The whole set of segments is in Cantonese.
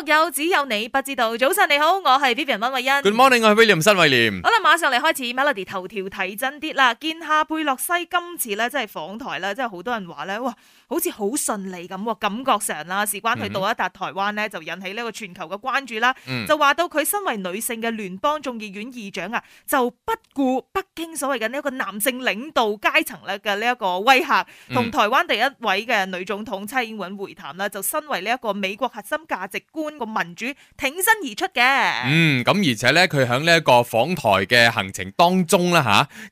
學友只有你不知道，早晨你好，我係 Vivian 溫偉欣。Good morning，我係 William 申偉廉。好啦，馬上嚟，開始 Melody 頭條睇真啲啦。見下佩洛西今次咧，真係訪台咧，真係好多人話咧，哇，好似好順利咁，感覺上啦。事關佢到一達台灣咧，就引起呢個全球嘅關注啦。就話到佢身為女性嘅聯邦眾議院議長啊，就不顧北京所謂嘅呢一個男性領導階層咧嘅呢一個威嚇，同台灣第一位嘅女總統蔡英文會談啦。就身為呢一個美國核心價值觀。個民主挺身而出嘅，嗯，咁而且咧，佢響呢一個訪台嘅行程當中啦，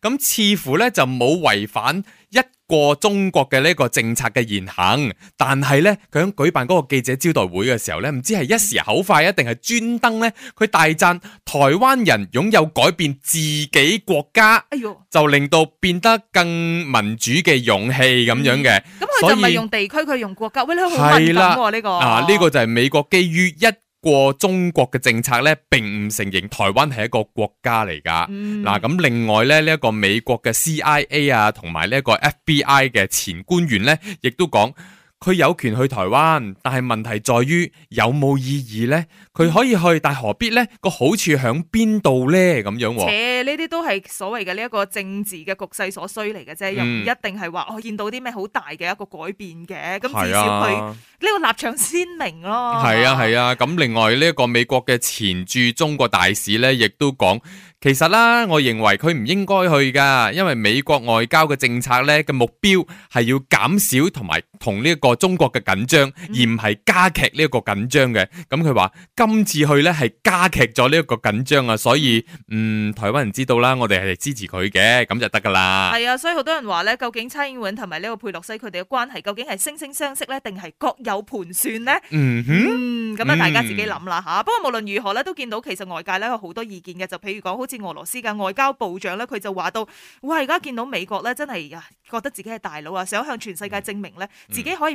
吓，咁似乎咧就冇違反一過中國嘅呢個政策嘅言行，但係咧佢響舉辦嗰個記者招待會嘅時候咧，唔知係一時口快，啊定係專登咧，佢大讚台灣人擁有改變自己國家，哎呦，就令到變得更民主嘅勇氣咁、嗯、樣嘅。咁佢、嗯、就唔係用地區，佢用國家。喂，你好敏感喎、啊、呢的、呢個。啊，呢、呢個就係美國基於一。過中國嘅政策咧，並唔承認台灣係一個國家嚟㗎。嗱、嗯，咁另外咧呢一、這個美國嘅 CIA 啊，同埋呢一個 FBI 嘅前官員咧，亦都講。佢有權去台灣，但係問題在於有冇意義咧？佢可以去，但何必咧？個好處響邊度咧？咁樣，哦，且呢啲都係所謂嘅呢一個政治嘅局勢所需嚟嘅啫。嗯、又唔一定係話我見到啲咩好大嘅一個改變嘅。咁、嗯、至少佢呢個立場鮮明咯。係啊係啊，咁、啊啊、另外呢一個美國嘅前駐中國大使咧，亦都講，其實啦，我認為佢唔應該去噶，因為美國外交嘅政策咧嘅目標係要減少同埋同呢一個。中國嘅緊張，而唔係加劇呢一個緊張嘅。咁佢話今次去咧係加劇咗呢一個緊張啊，所以嗯，台灣人知道啦，我哋係支持佢嘅，咁就得噶啦。係啊，所以好多人話咧，究竟蔡英文同埋呢個佩洛西佢哋嘅關係，究竟係惺惺相惜咧，定係各有盤算咧？嗯哼，咁啊，大家自己諗啦吓。不過無論如何咧，都見到其實外界咧有好多意見嘅，就譬如講，好似俄羅斯嘅外交部長咧，佢就話到，哇，而家見到美國咧，真係呀，覺得自己係大佬啊，想向全世界證明咧，自己可以。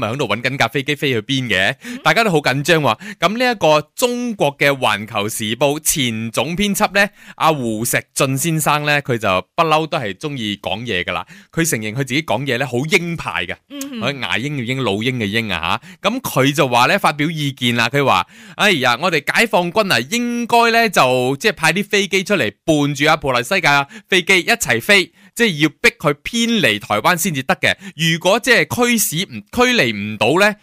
咪喺度揾緊架飛機飛去邊嘅，大家都好緊張。咁呢一個中國嘅環球時報前總編輯呢，阿胡錫進先生呢，佢就不嬲都係中意講嘢噶啦。佢承認佢自己講嘢呢好鷹派嘅，嗯、哼崖鷹，嘅鷹，老鷹嘅鷹啊吓。咁佢就話呢發表意見啦，佢話，哎呀，我哋解放軍啊，應該呢就即係、就是、派啲飛機出嚟伴住阿佩洛西嘅飛機一齊飛。即係要逼佢偏離台灣先至得嘅，如果即係驅使唔驅離唔到呢，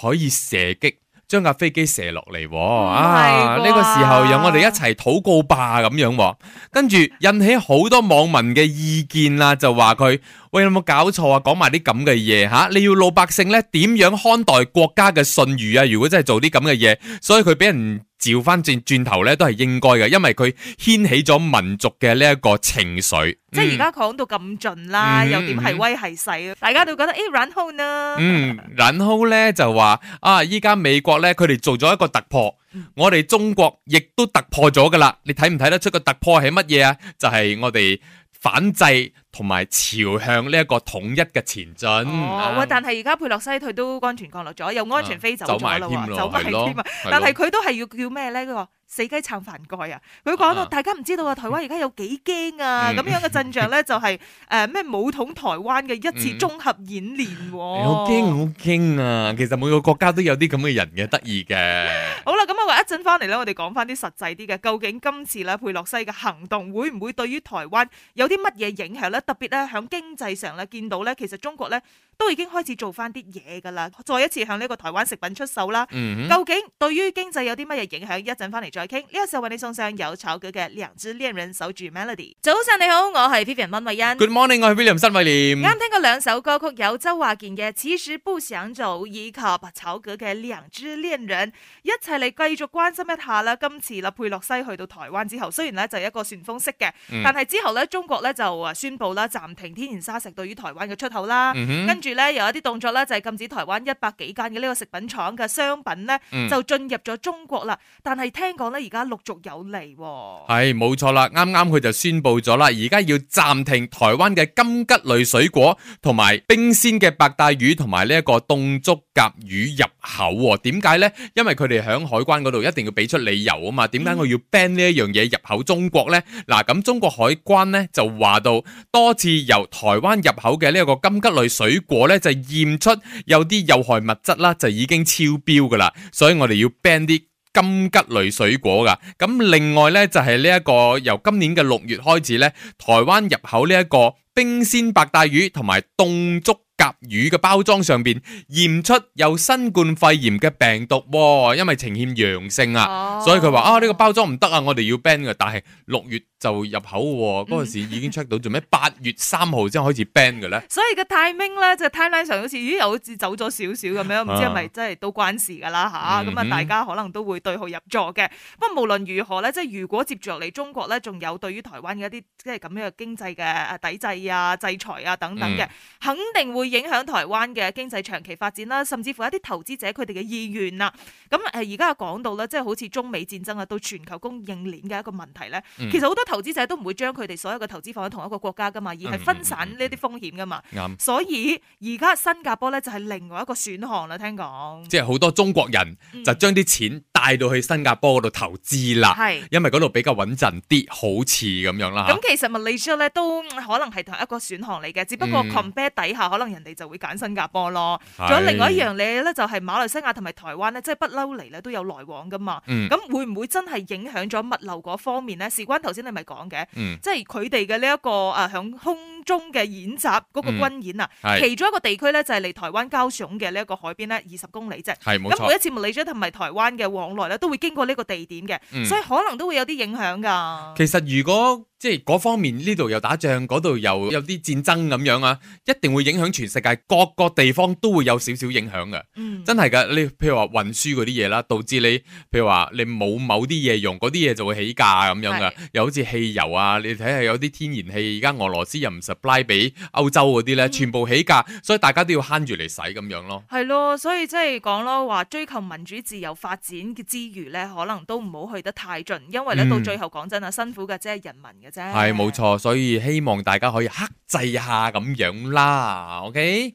可以射擊，將架飛機射落嚟。啊，呢個時候讓我哋一齊禱告吧咁樣。跟住引起好多網民嘅意見啦，就話佢喂，有冇搞錯啊，講埋啲咁嘅嘢吓？你要老百姓呢點樣看待國家嘅信譽？啊如果真係做啲咁嘅嘢，所以佢俾人。召翻轉轉頭咧，都係應該嘅，因為佢掀起咗民族嘅呢一個情緒。嗯、即係而家講到咁盡啦，嗯、又點係威係勢啊？大家都覺得誒、欸、，Ho、啊嗯、 呢？嗯，Ho 咧就話啊，依家美國咧，佢哋做咗一個突破，嗯、我哋中國亦都突破咗噶啦。你睇唔睇得出個突破係乜嘢啊？就係、是、我哋反制。同埋朝向呢一個統一嘅前進。哦，對但係而家佩洛西佢都安全降落咗，又安全飛走咗啦、啊，走埋添了咯，咯但係佢都係要叫咩咧？呢個。死雞撐飯蓋啊！佢講到大家唔知道啊，台灣而家有幾驚啊！咁、嗯、樣嘅陣象咧，嗯、就係誒咩武統台灣嘅一次綜合演練、啊、好驚好驚啊！其實每個國家都有啲咁嘅人嘅得意嘅。 好啦，咁我話一陣翻嚟咧，我哋講翻啲實際啲嘅。究竟今次咧，佩洛西嘅行動會唔會對於台灣有啲乜嘢影響咧？特別咧，響經濟上咧，見到咧，其實中國咧。都已經開始做翻啲嘢噶啦，再一次向呢個台灣食品出手啦。Mm hmm. 究竟對於經濟有啲乜嘢影響？一陣翻嚟再傾。呢、呢個時候為你送上有炒稿嘅《兩隻戀人守住 Melody》。早上你好，我係 Vivian 温慧欣。Good morning，我係 William 申偉廉。啱聽過兩首歌曲，有周華健嘅《此時不想做》，以及炒稿嘅《兩隻戀人》，一齊嚟繼續關心一下啦。今次立佩洛西去到台灣之後，雖然呢就一個旋風式嘅，mm hmm. 但係之後呢中國呢就啊宣布啦暫停天然沙石對於台灣嘅出口啦。Mm hmm. 跟住。咧有一啲動作咧，就係禁止台灣一百幾間嘅呢個食品廠嘅商品咧，就進入咗中國啦。但係聽講咧，而家陸續有嚟、哦，係冇錯啦。啱啱佢就宣布咗啦，而家要暫停台灣嘅金桔類水果同埋冰鮮嘅白帶魚同埋呢一個凍竹筴魚入口點解呢？因為佢哋喺海關嗰度一定要俾出理由啊嘛。點解我要 ban 呢一樣嘢入口中國呢？嗱、啊、咁中國海關呢，就話到多次由台灣入口嘅呢一個金桔類水果呢，就驗出有啲有害物質啦，就已經超標噶啦，所以我哋要 ban 啲金桔類水果噶。咁、啊、另外呢，就係呢一個由今年嘅六月開始呢，台灣入口呢一個冰鮮白帶魚同埋凍竹甲魚嘅包裝上邊驗出有新冠肺炎嘅病毒。哦，因為呈現陽性啊，啊，所以佢話啊呢個包裝唔得啊，我哋要 ban 嘅。但係六月就入口嗰陣、那個、時已經 check 到，做咩八月三號先開始 ban 嘅咧？嗯、所以個 timing 咧，就是、timeline 上好似咦，又好似走咗少少咁樣，唔知係咪真係都關事噶啦吓？咁啊，嗯嗯、大家可能都會對號入座嘅。不過無論如何咧，即係如果接住落嚟中國咧，仲有對於台灣嘅一啲即係咁樣嘅經濟嘅啊抵制啊、制裁啊等等嘅，肯定會。影響台灣嘅經濟長期發展啦，甚至乎一啲投資者佢哋嘅意願啦。咁誒，而家又講到啦，即係好似中美戰爭啊，到全球供應鏈嘅一個問題咧。嗯、其實好多投資者都唔會將佢哋所有嘅投資放喺同一個國家噶嘛，而係分散呢啲風險噶嘛。嗯、所以而家新加坡咧就係另外一個選項啦。聽講。即係好多中國人就將啲錢帶到去新加坡嗰度投資啦。係、嗯。因為嗰度比較穩陣啲，好似咁樣啦。咁、嗯、其實 Malaysia 咧都可能係同一個選項嚟嘅，只不過 compare 底下可能。人哋就會揀新加坡咯，仲是有另外一樣嘢咧，就係、是、馬來西亞同埋台灣咧，即係不嬲嚟咧都有來往噶嘛。咁、嗯、會唔會真係影響咗物流嗰方面呢？事關頭先你咪講嘅，嗯、即係佢哋嘅呢一個誒響、啊、空中嘅演習嗰個軍演啊，嗯、其中一個地區咧就係、是、嚟台灣交緝嘅呢一個海邊呢，二十公里啫。咁每一次馬來西亞同埋台灣嘅往來咧都會經過呢個地點嘅，嗯、所以可能都會有啲影響噶。其實如果即係嗰方面呢度又打仗，嗰度又有啲戰爭咁樣啊，一定會影響全。世界各個地方都會有少少影響嘅，嗯、真係嘅。你譬如話運輸嗰啲嘢啦，導致你譬如話你冇某啲嘢用，嗰啲嘢就會起價咁樣嘅。是又好似汽油啊，你睇下有啲天然氣，而家俄羅斯又唔 supply 俾歐洲嗰啲咧，嗯、全部起價，所以大家都要慳住嚟使咁樣咯。係咯，所以即係講咯，話追求民主自由發展嘅之餘咧，可能都唔好去得太盡，因為咧到最後講真啊，辛苦嘅即係人民嘅啫。係冇錯，所以希望大家可以克制下咁樣啦。Okay? 鄭秀 Okay.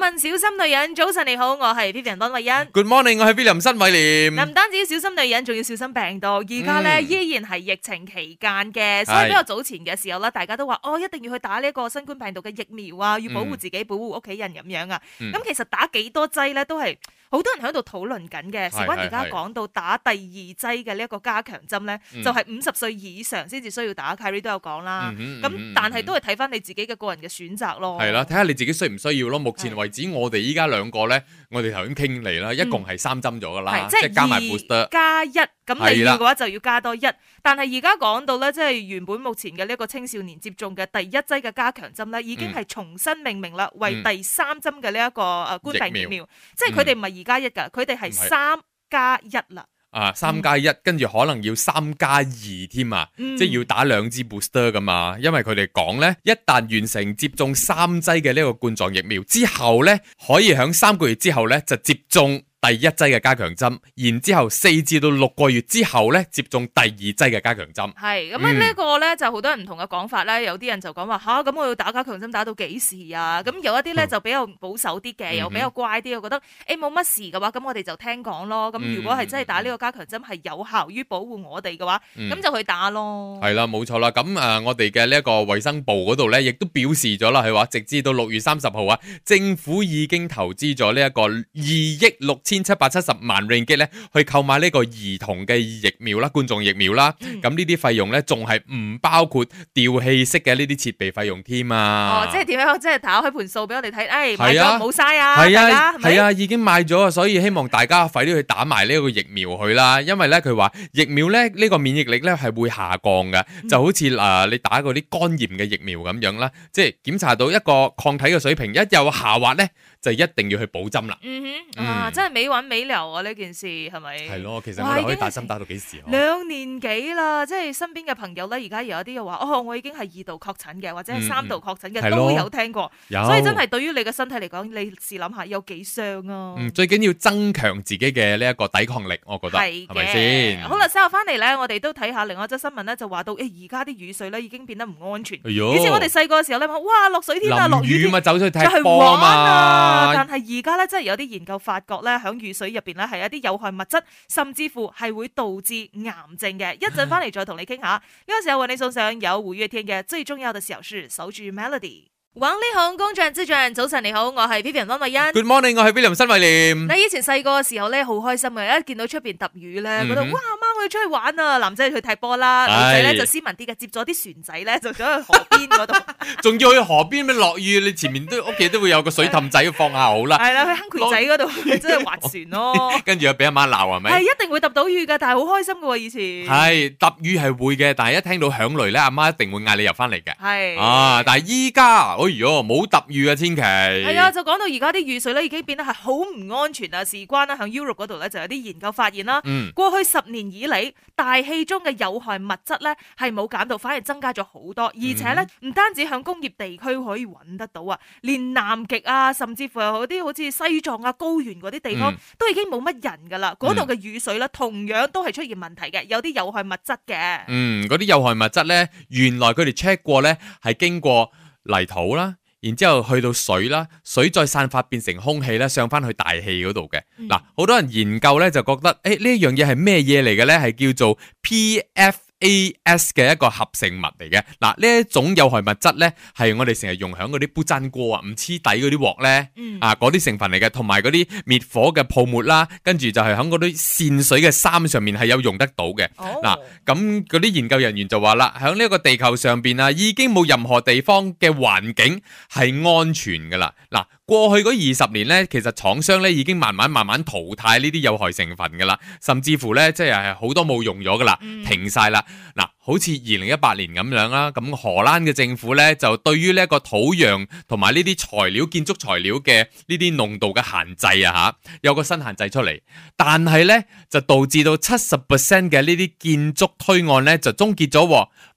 文小心女人，早晨你好，我係 William 梁偉欣。Good morning，我係 William 申偉廉。唔單止小心女人，仲要小心病毒。而家咧依然係疫情期間嘅。是所以比較早前嘅時候啦，大家都話哦，一定要去打呢一個新冠病毒嘅疫苗啊，要保護自己，嗯、保護屋企人咁樣啊。咁、嗯嗯、其實打幾多劑咧，都係。好多人喺度討論緊嘅，事關而家講到打第二劑嘅呢一個加強針咧，就係五十歲以上先至需要打。Kerry、嗯、哼都有講啦，咁、嗯、哼但係都係睇翻你自己嘅個人嘅選擇咯。係啦、嗯，睇、嗯、下你自己需唔需要咯。目前為止我，我哋依家兩個咧，我哋頭先傾嚟啦，一共係三針咗噶啦，即係、嗯、加埋 booster 加一。咁第二嘅話就要加多一，但係而家講到咧，即係原本目前嘅呢一個青少年接種嘅第一劑嘅加強針咧，已經係重新命名啦，為第三針嘅呢一個誒冠狀疫苗，疫苗即係佢哋唔係二加一噶，佢哋係三加一啦。啊，三加一，嗯，跟住可能要三加二添啊，即係要打兩支 booster 噶嘛，因為佢哋講咧，一旦完成接種三劑嘅呢個冠狀疫苗之後咧，可以喺三個月之後咧就接種第一劑嘅加強針，然之後四至到六個月之後咧接種第二劑嘅加強針。係咁啊，呢個咧就好多人唔同嘅講法咧，有啲人就講話吓，咁我要打加強針打到幾時啊？咁有一啲咧就比較保守啲嘅， 又比較乖啲，我覺得誒冇乜事嘅話，咁我哋就聽講咯。咁如果係真係打呢個加強針係有效於保護我哋嘅話，咁 就去打咯。係啦，冇錯啦。咁誒我哋嘅呢一個衛生部嗰度咧亦都表示咗啦，係話直至到六月三十號啊，政府已經投資咗呢一個二億六，千七百七十萬 ringgit 咧，去購買呢個兒童嘅疫苗啦，冠狀疫苗啦，咁呢啲費用咧，仲係唔包括吊氣式嘅呢啲設備費用添啊！哦，即係點樣？即係打開盤數俾我哋睇，唉、哎，買咗冇嘥啊！係啊，係啊，已經買咗啊！所以希望大家快啲去打埋呢個疫苗去啦，因為咧佢話疫苗咧呢、呢個免疫力咧係會下降嘅，就好似誒、呃、你打嗰啲肝炎嘅疫苗咁樣啦，即係檢查到一個抗體嘅水平一有下滑咧。就一定要去補針啦。嗯哼，啊，真係美挽美流啊！呢件事係咪？係咯，其實我哋可以打針打到幾時？兩年幾啦，即係身邊嘅朋友咧，而家有一啲又話哦，我已經係二度確診嘅，或者係三度確診嘅都有聽過。所以真係對於你嘅身體嚟講，你試諗下有幾傷啊？最緊要增強自己嘅呢一個抵抗力，我覺得係咪先？好啦，稍後翻嚟咧，我哋都睇下另外一則新聞咧，就話到誒，而家啲雨水咧已經變得唔安全。哎喲，以前我哋細個嘅時候咧，哇落水天啊，落雨走出去玩啊。但係而家咧，真係有啲研究發覺咧，喺雨水入邊咧係一啲有害物質，甚至乎係會導致癌症嘅。一陣翻嚟再同你傾下。呢個時候為你送上有五月天嘅最重要的小事，守住 Melody。王力宏、光之朱晨，早晨你好，我係 Vivian 欣。Good morning，我係 Vivian 新慧。念。你以前細個嘅時候咧，好開心嘅，一見到出邊揼雨咧，覺得、mm hmm. 去出去玩啊！男仔去踢波啦，女仔咧就斯文啲嘅，接咗啲船仔咧，就走去河邊嗰度。仲要去河邊咪落雨？你前面都屋企都會有個水凼仔放下好啦。係啦，去坑渠仔嗰度即係划船咯。跟住又俾阿媽鬧係咪？係一定會揼到雨嘅，但係好開心嘅以前。係揼雨係會嘅，但係一聽到響雷咧，阿媽一定會嗌你入翻嚟嘅。係啊，但係依家，哎呀，冇揼雨啊，千祈。係啊，就講到而家啲雨水咧，已經變得係好唔安全啊！事關啦，響 Europe 嗰度咧就有啲研究發現啦。嗯，過去十年以。喺大氣中嘅有害物質咧，係冇減到，反而增加咗好多。而且咧，唔單止向工業地區可以揾得到啊，連南極啊，甚至乎係嗰啲好似西藏啊高原嗰啲地方，都已經冇乜人噶啦。嗰度嘅雨水咧，同樣都係出現問題嘅，有啲有害物質嘅。嗯，嗰啲有害物質咧，原來佢哋 check 過咧，係經過泥土啦。然之後去到水啦，水再散發變成空氣啦，上返去大氣嗰度嘅。嗱、嗯，好多人研究咧就覺得，誒、欸、呢一樣嘢係咩嘢嚟嘅咧？係叫做 P.F. A S 嘅一個合成物嚟嘅，嗱，呢一種有害物質咧，係我哋成日用響嗰啲不粘鍋、mm. 啊、唔黐底嗰啲鑊咧，啊，嗰啲成分嚟嘅，同埋嗰啲滅火嘅泡沫啦、啊，跟住就係響嗰啲滲水嘅衫上面係有用得到嘅。嗱、oh.，咁嗰啲研究人員就話啦，響呢一個地球上邊啊，已經冇任何地方嘅環境係安全噶啦。嗱。過去嗰二十年咧，其實廠商咧已經慢慢慢慢淘汰呢啲有害成分噶啦，甚至乎咧即係好多冇用咗噶啦，停晒啦。嗱、嗯，好似二零一八年咁樣啦，咁荷蘭嘅政府咧就對於呢一個土壤同埋呢啲材料、建築材料嘅呢啲濃度嘅限制啊，吓有個新限制出嚟，但係咧就導致到七十 percent 嘅呢啲建築推案咧就終結咗。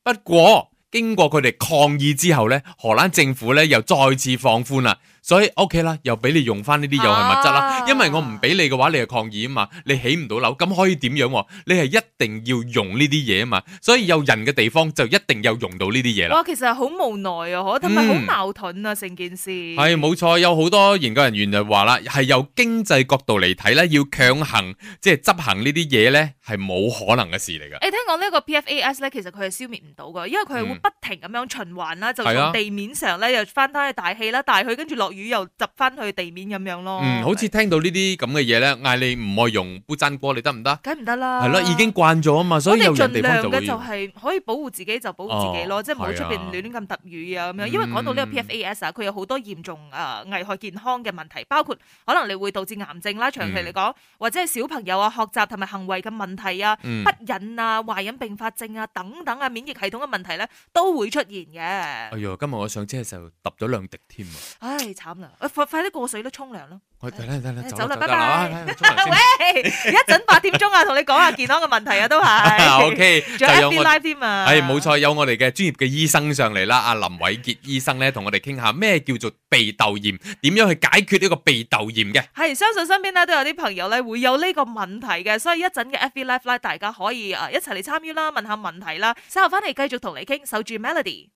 不過經過佢哋抗議之後咧，荷蘭政府咧又再次放寬啦。所以 OK 啦，又俾你用翻呢啲有害物質啦，因為我唔俾你嘅話，你就抗議啊嘛，你起唔到樓，咁可以點樣？你係一定要用呢啲嘢啊嘛，所以有人嘅地方就一定有用到呢啲嘢啦。哇，其實係好無奈啊，嗬，同埋好矛盾啊，成件事。係冇錯，有好多研究人員就話啦，係由經濟角度嚟睇咧，要強行即係執行呢啲嘢咧，係冇可能嘅事嚟㗎。誒，聽講呢個 PFAS 咧，其實佢係消滅唔到㗎，因為佢係會不停咁樣循環啦，就從地面上咧又翻翻去大氣啦，但係佢跟住落雨又揼翻去地面咁樣咯，嗯，好似聽到呢啲咁嘅嘢咧，嗌你唔愛用不鏽鋼，你得唔得？梗唔得啦，係咯，已經慣咗啊嘛，所以儘量嘅就係可以保護自己就保護自己咯，即係唔好出邊亂亂咁揼雨啊咁樣，因為講到呢個 PFAS 啊，佢有好多嚴重啊危害健康嘅問題，包括可能你會導致癌症啦，長期嚟講或者係小朋友啊學習同埋行為嘅問題啊，不孕啊、懷孕併發症啊等等啊、免疫系統嘅問題咧都會出現嘅。哎呀，今日我上車就揼咗兩滴添啊！唉。慘啦，快快啲過水啦，沖涼啦！我等等等啦，走啦，拜拜！喂，一陣八點鐘啊，同你講下健康嘅問題啊，都係 OK，仲有 FB Live 添啊！係冇錯，有我哋嘅專業嘅醫生上嚟啦，阿林偉杰醫生咧，同我哋傾下咩叫做鼻竇炎，點樣去解決呢個鼻竇炎嘅？係相信身邊咧都有啲朋友咧會有呢個問題嘅，所以一陣嘅 FB Live 咧，大家可以啊一齊嚟參與啦，問下問題啦，稍後翻嚟繼續同你傾，守住 Melody。